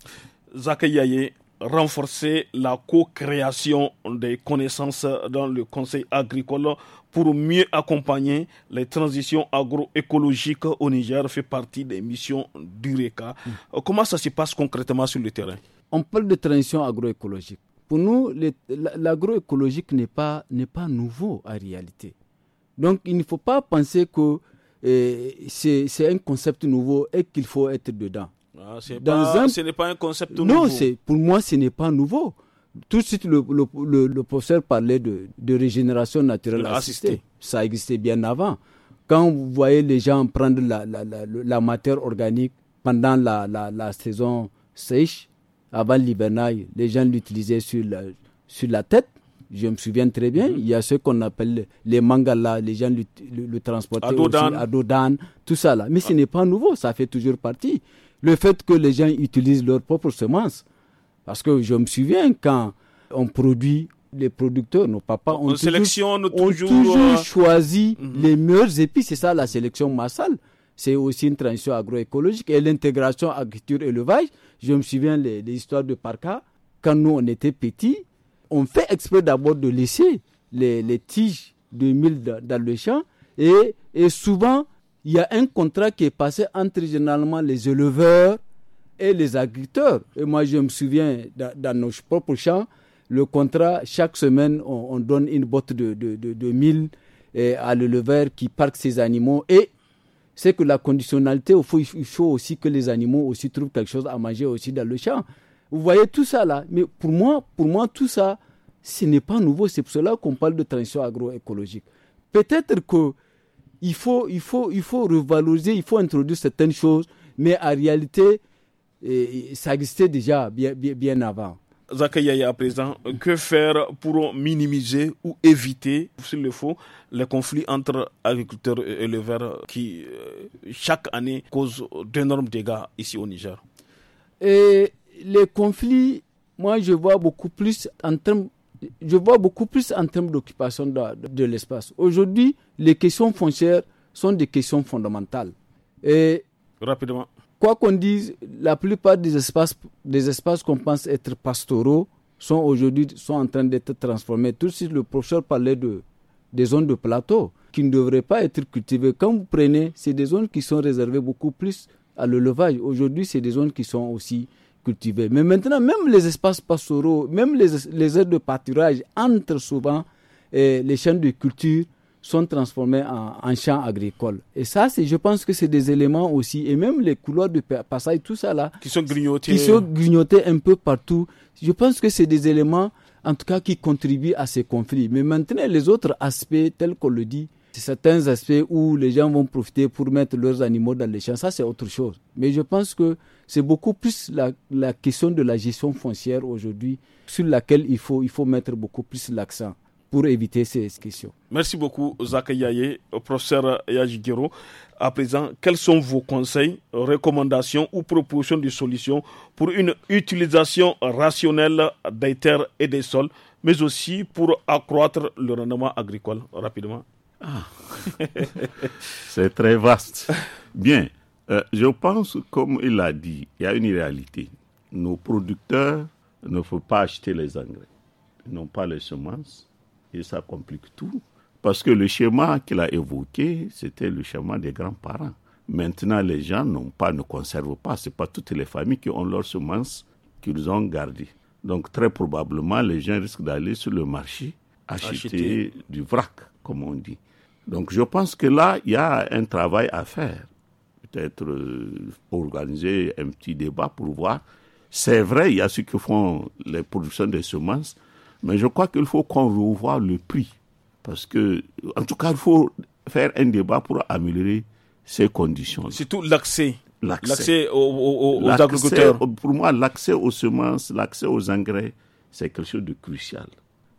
Speaker 1: renforcer la co-création des connaissances dans le Conseil agricole pour mieux accompagner les transitions agroécologiques au Niger fait partie des missions du RECA. Mm. Comment ça se passe concrètement sur le terrain
Speaker 2: On parle de transition agroécologique. Pour nous, l'agroécologique n'est pas, pas nouveau en réalité. Donc il ne faut pas penser que c'est un concept nouveau et qu'il faut être dedans. Ah, Dans un... Ce n'est
Speaker 1: pas un concept non, nouveau. Non,
Speaker 2: pour moi, ce n'est pas nouveau. Tout de suite, le, le, le, professeur parlait de, de régénération naturelle assistée. Ça existait bien avant. Quand vous voyez les gens prendre la, la, la, matière organique pendant la, saison sèche, avant l'hivernage, les gens l'utilisaient sur sur la tête je me souviens très bien, mhm. il y a ce qu'on appelle les mangas là, les gens le, transportent transportaient à Dodan, tout ça là. Mais ce ah. n'est pas nouveau, ça fait toujours partie. Le fait que les gens utilisent leurs propres semences, parce que je me souviens quand on produit les producteurs, nos papas ont on toujours, sélectionne euh, choisi mhm. les meilleures épices. C'est ça la sélection massale. C'est aussi une transition agroécologique et l'intégration agriculture-élevage. Je me souviens les, histoires de Parca. Quand nous, on était petits, on fait exprès d'abord de laisser les, les tiges de mille dans, le champ et, souvent il y a un contrat qui est passé entre généralement les éleveurs et les agriculteurs. Et moi je me souviens dans, dans nos propres champs, le contrat, chaque semaine, on, donne une botte de, de, mille eh, à l'éleveur qui parque ses animaux. Et c'est que la conditionnalité, il faut, aussi que les animaux aussi trouvent quelque chose à manger aussi dans le champ. Vous voyez tout ça là. Mais pour moi, pour moi tout ça, ce n'est pas nouveau. C'est pour cela qu'on parle de transition agroécologique. Peut-être que il faut, il, faut, il faut revaloriser, il faut introduire certaines choses, mais en réalité, eh, ça existait déjà bien, bien, avant.
Speaker 1: Zakayaya à présent, que faire pour minimiser ou éviter, s'il le faut, les conflits entre agriculteurs et éleveurs qui, euh, chaque année, causent
Speaker 2: d'énormes dégâts ici au Niger les conflits, moi, je vois beaucoup plus en termes je vois beaucoup plus en termes d'occupation de, l'espace. Aujourd'hui, les questions foncières sont des questions fondamentales. Et rapidement, quoi qu'on dise, la plupart des espaces, des espaces qu'on pense être pastoraux sont aujourd'hui sont en train d'être transformés. Tout de suite, le professeur parlait de des zones de plateau qui ne devraient pas être cultivées. Quand vous prenez, c'est des zones qui sont réservées beaucoup plus à l'élevage. Aujourd'hui, c'est des zones qui sont aussi mais maintenant, même les espaces pastoraux, même les, les aires de pâturage entrent souvent et les chaînes de culture sont transformés en, en, champs agricoles. Et ça, je pense que c'est des éléments aussi, et même les couloirs de passage, tout ça là, qui sont grignotés, qui sont grignotés un peu partout. Je pense que c'est des éléments, en tout cas, qui contribuent à ces conflits. Mais maintenant, les autres aspects, tels qu'on le dit, certains aspects où les gens vont profiter pour mettre leurs animaux dans les champs, ça c'est autre chose. Mais je pense que c'est beaucoup plus la, question de la gestion foncière aujourd'hui sur laquelle il faut, il faut mettre beaucoup plus l'accent pour éviter ces questions.
Speaker 1: Merci beaucoup Zaka Yaye, euh, professeur Yajigiro. À présent, quels sont vos conseils, recommandations ou propositions de solutions pour une utilisation rationnelle des terres et des sols, mais aussi pour accroître le rendement agricole rapidement ah. [LAUGHS]
Speaker 3: c'est très vaste. Bien, euh, je pense, comme il l'a dit, il y a une réalité. Nos producteurs ne font pas acheter les engrais. Ils n'ont pas les semences et ça complique tout. Parce que le schéma qu'il a évoqué, c'était le schéma des grands-parents. Maintenant, les gens n'ont pas, ne conservent pas. Ce n'est pas toutes les familles qui ont leurs semences qu'ils ont gardées. Donc, très probablement, les gens risquent d'aller sur le marché
Speaker 2: acheter,
Speaker 3: du vrac, comme on dit. Donc je pense que là, il y a un travail à faire. Peut-être euh, organiser un petit débat pour voir. C'est vrai, il y a ceux qui font les productions de semences, mais je crois qu'il faut qu'on revoie le prix. Parce que, en tout cas, il faut faire un débat pour améliorer ces conditions. Surtout
Speaker 1: l'accès. L'accès aux agriculteurs.
Speaker 3: Pour moi, l'accès aux semences, l'accès aux engrais, c'est quelque chose de crucial.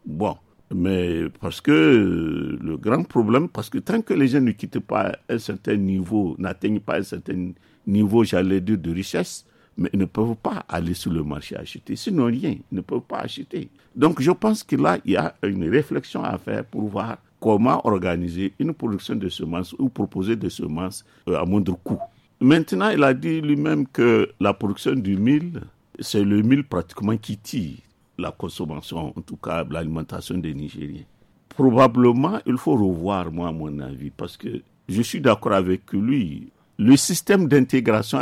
Speaker 3: Bon, mais parce que euh, le grand problème, parce que tant que les gens ne quittent pas un certain niveau, n'atteignent pas un certain niveau, j'allais dire, de richesse, mais ils ne peuvent pas aller sur le marché acheter. Sinon, rien, ils ne peuvent pas acheter. Donc, je pense que là, il y a une réflexion à faire pour voir comment organiser une production de semences ou proposer des semences euh, à moindre coût. Maintenant, il a dit lui-même que la production du mille, c'est le mille pratiquement qui tire la consommation, en tout cas l'alimentation des Nigériens. Probablement, il faut revoir, moi, à mon avis, parce que je suis d'accord avec lui. Le système d'intégration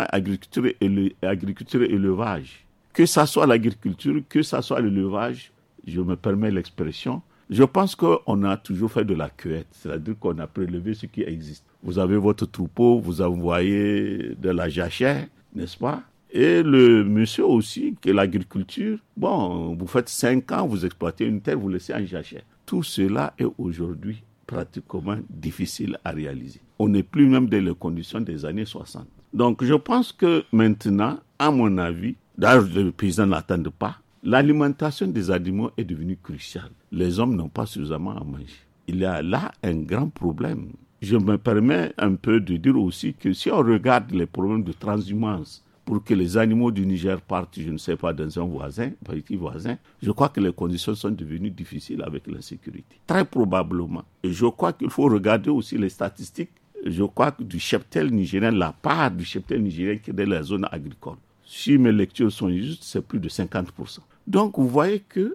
Speaker 3: agriculture-élevage, que ce soit l'agriculture, que ce soit l'élevage, je me permets l'expression, je pense qu'on a toujours fait de la cueillette, c'est-à-dire qu'on a prélevé ce qui existe. Vous avez votre troupeau, vous envoyez de la jachère, n'est-ce pas et le monsieur aussi, que l'agriculture, bon, vous faites 5 ans, vous exploitez une terre, vous laissez en jachère. Tout cela est aujourd'hui pratiquement difficile à réaliser. On n'est plus même dans les conditions des années 60. Donc je pense que maintenant, à mon avis, d'ailleurs les paysans n'attendent pas, l'alimentation des animaux est devenue cruciale. Les hommes n'ont pas suffisamment à manger. Il y a là un grand problème. Je me permets un peu de dire aussi que si on regarde les problèmes de transhumance, pour que les animaux du Niger partent, je ne sais pas, dans un voisin, voisin, je crois que les conditions sont devenues difficiles avec l'insécurité. Très probablement. Et je crois qu'il faut regarder aussi les statistiques, je crois que du cheptel nigérien, la part du cheptel nigérien qui est dans la zone agricole. Si mes lectures sont justes, c'est plus de 50%. Donc vous voyez qu'il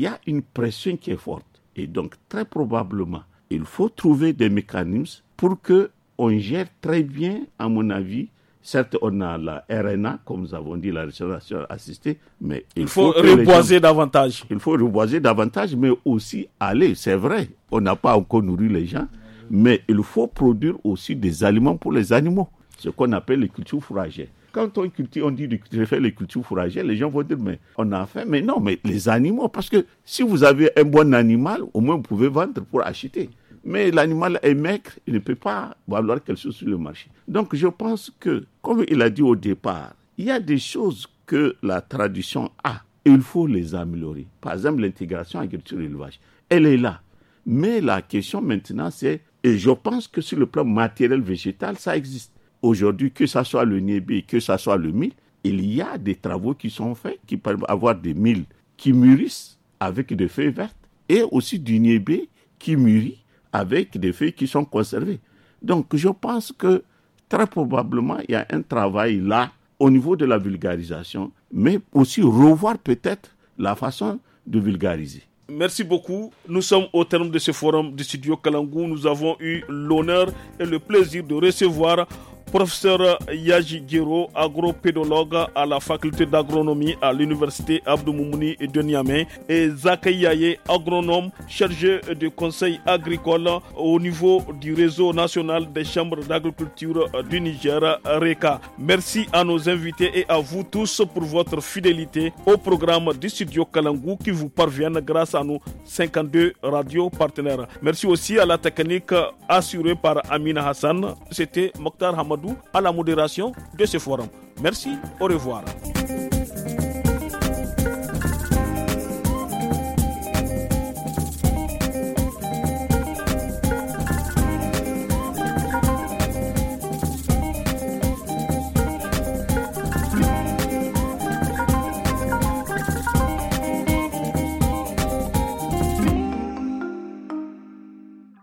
Speaker 3: y a une pression qui est forte. Et donc très probablement, il faut trouver des mécanismes pour que on gère très bien, à mon avis, Certes, on a la RNA, comme nous avons dit, la restauration assistée, mais il, faut, reboiser davantage. Il faut reboiser davantage, mais aussi aller. C'est vrai, on n'a pas encore nourri les gens, mais il faut produire aussi des aliments pour les animaux, ce qu'on appelle les cultures fourragères. Quand on cultive, on dit de faire les cultures fourragères, les gens vont dire mais on a fait. mais non, mais les animaux, parce que si vous avez un bon animal, au moins vous pouvez vendre pour acheter mais l'animal est maigre, il ne peut pas valoir quelque chose sur le marché. Donc je pense que, comme il a dit au départ, il y a des choses que la tradition a il faut les améliorer. Par exemple, l'intégration agriculture-élevage, elle est là. Mais la question maintenant, c'est, et je pense que sur le plan matériel végétal, ça existe. Aujourd'hui, que ce soit le niébé, que ce soit le mil, il y a des travaux qui sont faits qui peuvent avoir des milles qui mûrissent avec des feuilles vertes et aussi du niébé qui mûrit avec des feuilles qui sont conservées. Donc je pense que très probablement il y a un travail là au niveau de la vulgarisation, mais aussi revoir peut-être la façon de vulgariser.
Speaker 1: Merci beaucoup. Nous sommes au terme de ce forum du studio Kalangou. Nous avons eu l'honneur et le plaisir de recevoir Professeur Yaji Giro, agropédologue à la faculté d'agronomie à l'université Abdou Moumouni de Niamey, et Zakaï Yaye, agronome chargé de conseil agricole au niveau du réseau national des chambres d'agriculture du Niger, RECA. Merci à nos invités et à vous tous pour votre fidélité au programme du studio Kalangou qui vous parviennent grâce à nos 52 radios partenaires. Merci aussi à la technique assurée par Amina Hassan. C'était Mokhtar Hamad à la modération de ce forum. Merci, au revoir.